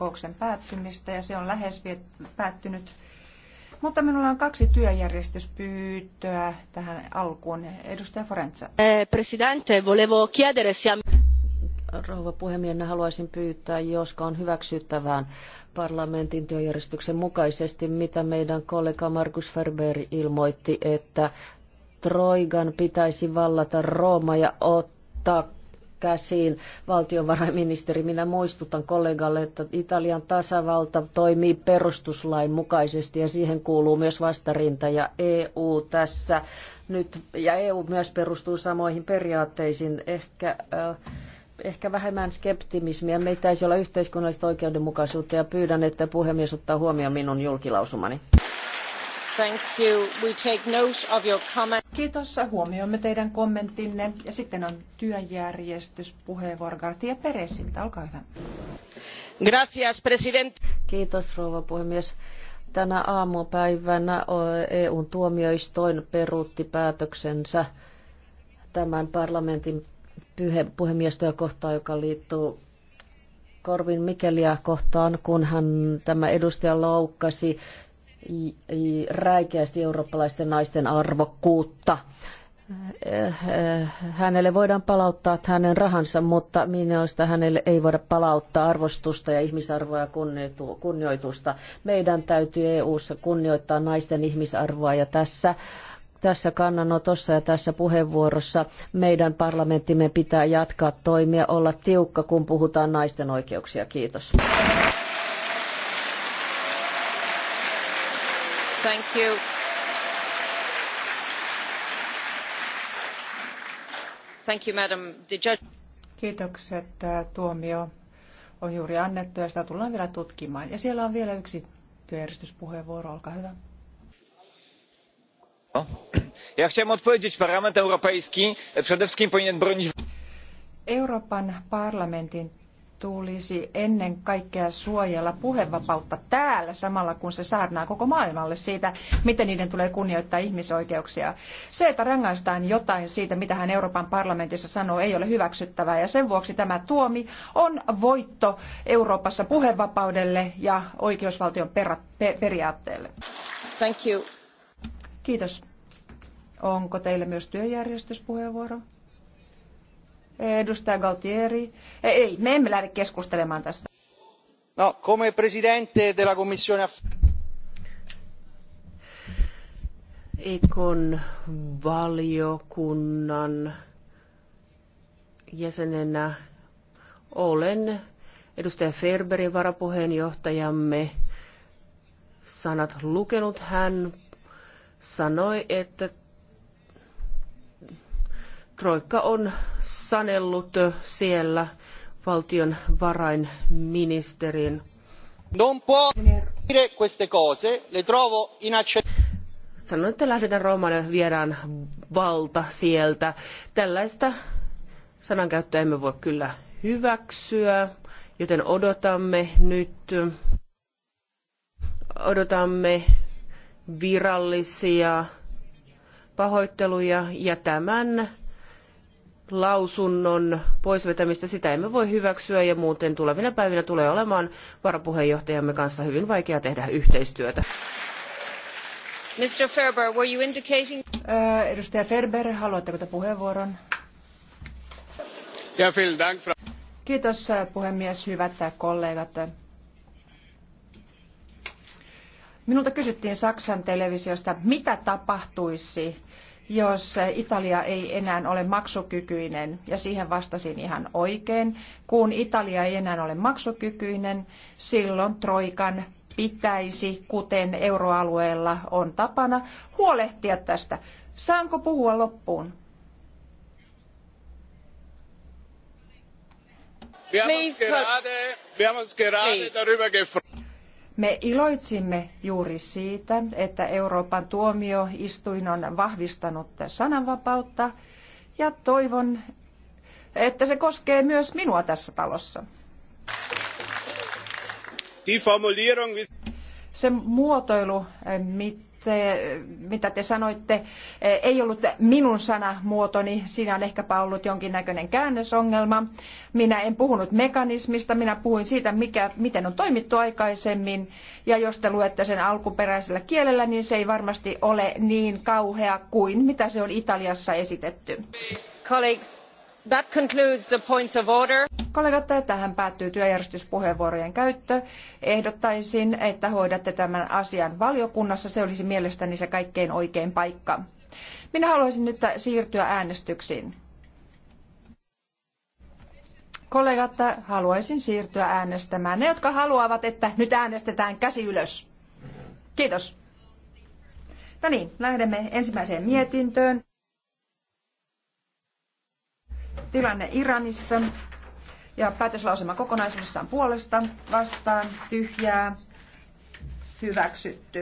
kokouksen päättymistä ja se on lähes päättynyt. Mutta minulla on kaksi työjärjestyspyyntöä tähän alkuun. Edustaja Forenza. Eh, presidente, volevo chiedere se... Rouva puhemies, haluaisin pyytää, joska on hyväksyttävään parlamentin työjärjestyksen mukaisesti, mitä meidän kollega Markus Ferber ilmoitti, että Troigan pitäisi vallata Rooma ja ottaa käsiin. Valtiovarainministeri, minä muistutan kollegalle, että Italian tasavalta toimii perustuslain mukaisesti ja siihen kuuluu myös vastarinta ja EU tässä nyt, ja EU myös perustuu samoihin periaatteisiin. Ehkä äh, ehkä vähemmän skeptimismiä. Meitä ei olla yhteiskunnallista oikeudenmukaisuutta ja pyydän, että puhemies ottaa huomioon minun julkilausumani. Kiitos. Huomioimme teidän kommenttinne. Ja sitten on puheenvuoro Garcia Peresiltä. Olkaa hyvä. Gracias, president. Kiitos, rouva puhemies. Tänä aamupäivänä EUn tuomioistoin peruutti päätöksensä tämän parlamentin puhemiestoja kohtaan, joka liittyy Korvin Mikeliä kohtaan, kun hän tämä edustaja loukkasi räikeästi eurooppalaisten naisten arvokkuutta. Eh, eh, hänelle voidaan palauttaa hänen rahansa, mutta minusta hänelle ei voida palauttaa arvostusta ja ihmisarvoa ja kunnioitusta. Meidän täytyy EU-ssa kunnioittaa naisten ihmisarvoa ja tässä tässä kannanotossa ja tässä puheenvuorossa meidän parlamenttimme pitää jatkaa toimia, olla tiukka, kun puhutaan naisten oikeuksia. Kiitos. Kiitokset. Tuomio on juuri annettu ja sitä tullaan vielä tutkimaan. Ja siellä on vielä yksi työjärjestyspuheenvuoro. Olkaa hyvä. Ja chciałem odpowiedzieć, Parlament Europejski przede wszystkim powinien bronić... Euroopan parlamentin tulisi ennen kaikkea suojella puhevapautta täällä samalla kun se saarnaa koko maailmalle siitä, miten niiden tulee kunnioittaa ihmisoikeuksia. Se, että rangaistaan jotain siitä, mitä hän Euroopan parlamentissa sanoo, ei ole hyväksyttävää ja sen vuoksi tämä tuomi on voitto Euroopassa puhevapaudelle ja oikeusvaltion periaatteelle. Thank you. Kiitos. Onko teillä myös työjärjestyspuheenvuoro? Edustaja Galtieri. Ei, me emme lähde keskustelemaan tästä. No, come presidente della commissione Ikon valiokunnan jäsenenä olen edustaja Ferberin varapuheenjohtajamme sanat lukenut. Hän sanoi, että Troikka on sanellut siellä valtion varainministerin. Non può dire queste cose, le trovo Sanoin, että lähdetään Roomaan ja viedään valta sieltä. Tällaista sanankäyttöä emme voi kyllä hyväksyä, joten odotamme nyt odotamme virallisia pahoitteluja ja tämän lausunnon poisvetämistä, sitä emme voi hyväksyä ja muuten tulevina päivinä tulee olemaan varapuheenjohtajamme kanssa hyvin vaikea tehdä yhteistyötä. Mr. Ferber, were you indicating... Äh, edustaja Ferber, haluatteko te puheenvuoron? Ja, vielen Dank. Kiitos äh, puhemies, hyvät äh, kollegat. Minulta kysyttiin Saksan televisiosta, mitä tapahtuisi, jos Italia ei enää ole maksukykyinen. Ja siihen vastasin ihan oikein. Kun Italia ei enää ole maksukykyinen, silloin Troikan pitäisi, kuten euroalueella on tapana, huolehtia tästä. Saanko puhua loppuun? Please, me iloitsimme juuri siitä, että Euroopan tuomioistuin on vahvistanut sananvapautta ja toivon, että se koskee myös minua tässä talossa. Se muotoilu, mit te, mitä te sanoitte, eh, ei ollut minun sanamuotoni. Siinä on ehkäpä ollut jonkinnäköinen käännösongelma. Minä en puhunut mekanismista, minä puhuin siitä, mikä, miten on toimittu aikaisemmin. Ja jos te luette sen alkuperäisellä kielellä, niin se ei varmasti ole niin kauhea kuin mitä se on Italiassa esitetty. Colleagues. That concludes the points of order. Kollegat, tähän päättyy työjärjestyspuheenvuorojen käyttö. Ehdottaisin, että hoidatte tämän asian valiokunnassa. Se olisi mielestäni se kaikkein oikein paikka. Minä haluaisin nyt siirtyä äänestyksiin. Kollegat, haluaisin siirtyä äänestämään. Ne, jotka haluavat, että nyt äänestetään käsi ylös. Kiitos. No niin, lähdemme ensimmäiseen mietintöön tilanne Iranissa ja päätöslausema kokonaisuudessaan puolesta vastaan tyhjää hyväksytty.